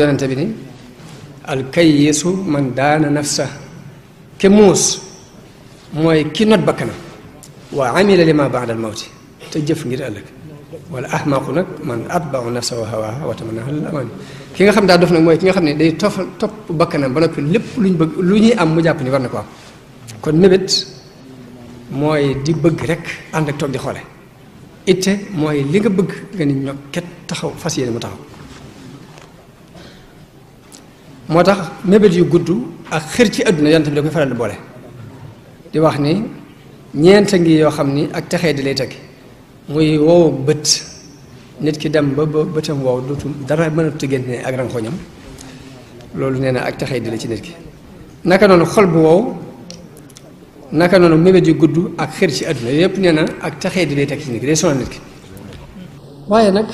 يونت بني الكيس من دان نفسه كموس موي كي نوت بكنا وعمل لما بعد الموت تجف غير الله والاحمق نك من اتبع نفسه وهواها وتمنى الامان كيغا خم دا دوف نك موي كيغا خم ني داي توف توب بكنا با نوبي لب لوني بغ لوني ام مو جاب ني وار نكو كون نيبت موي دي بغ رك اندك توك دي خولي ايتي موي ليغا بغ غني نيو moo tax mébét yu gudd ak xër ci àdduna yonent bi da koy faral di boole di wax ni ñeent ngi yoo xam ni ak texee di lay teg muy wow bët nit ki dem ba ba bëtam wow dootul dara mënatu génne ak rankoñam loolu nee na ak texee di la ci nit ki naka noonu xol bu wow naka noonu mébét yu gudd ak xër ci àdduna yëpp nee na ak texee di lay teg ci nit ki day sonal nit ki waaye nag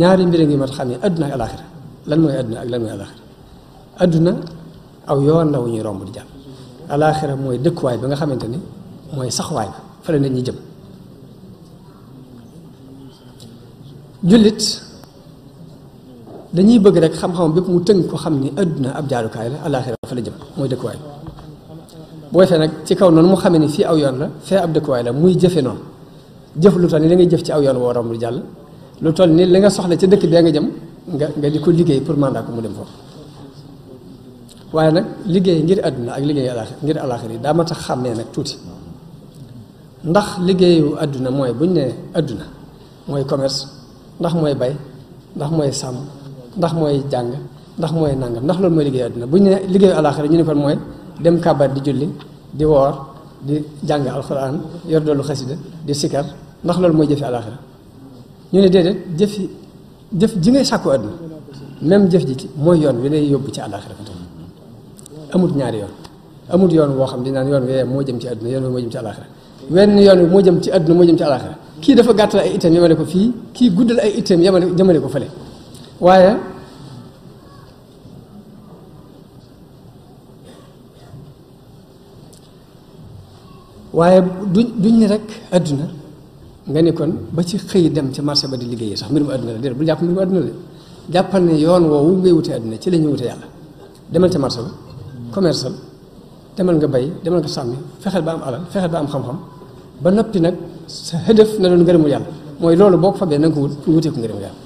ñaari mbir ngi mat xam ne àdduna ak alaxira lan mooy àdduna ak lan mooy alaxira adduna aw yoon la wu ñuy romb di jàll alaaxira mooy dëkkuwaay bi nga xamante ni mooy saxwaay ba fa la nit ñi jëm jullit dañuy bëgg rek xam-xam bépp mu tënk ko xam ni adduna ab jaarukaay la alaaxira fa la jëm mooy dëkkuwaay boo defee nag ci kaw noonu mu xamee ni fii aw yoon la fee ab dëkkuwaay la muy jëfe noonu jëf lu toll ni la ngay jëf ci aw yoon woo romb di jàll lu toll ni li nga soxla ca dëkk bee nga jëm nga nga di ko liggéey pour mandat ko mu dem foofu waaye nag liggéey ngir àdduna ak liggéey ngir alaaxir yi daa ma tax xàmmee nag tuuti ndax liggéeyu àdduna mooy buñ ne àdduna mooy commerce ndax mooy bay ndax mooy sàmm ndax mooy jàng ndax mooy nangam ndax loolu mooy liggéeyu àdduna buñ ne liggéeyu alaaxir ñu ne kon mooy dem kàbbar di julli di woor di jàng alxuraan yor doolu xasida di sikar ndax loolu mooy jëfi alaaxira ñu ne déedéet jëfi jëf ji ngay sàkku àdduna même jëf ji ci mooy yoon wi lay yóbbu ci alaaxira amut ñaari yoon amut yoon woo xam di naan yoon wee moo jëm ci àdduna yoon wee moo jëm ci alaxira yoon wi moo jëm ci àdduna moo jëm ci alaxira kii dafa gàttal ay itam yemale ko fii kii guddal ay itam yemale jëmale ko fële waaye du duñ duñ ne rek àdduna nga ni kon ba ci xëy dem ci marché ba di liggéeyi sax mbirum àdduna la déedéet bul jàpp mbirum àdduna la jàppal ne yoon woowu ngay wutee àdduna ci la ñuy wutee yàlla demal ca marché ba commercial demal nga bay demal nga sàmmi fexeel ba am alal fexeel ba am xam-xam ba noppi nag sa hëdëf na doon ngërëmul yàlla mooy loolu boo ko fabee na nga ko wut wutee ko ngërëmul yàlla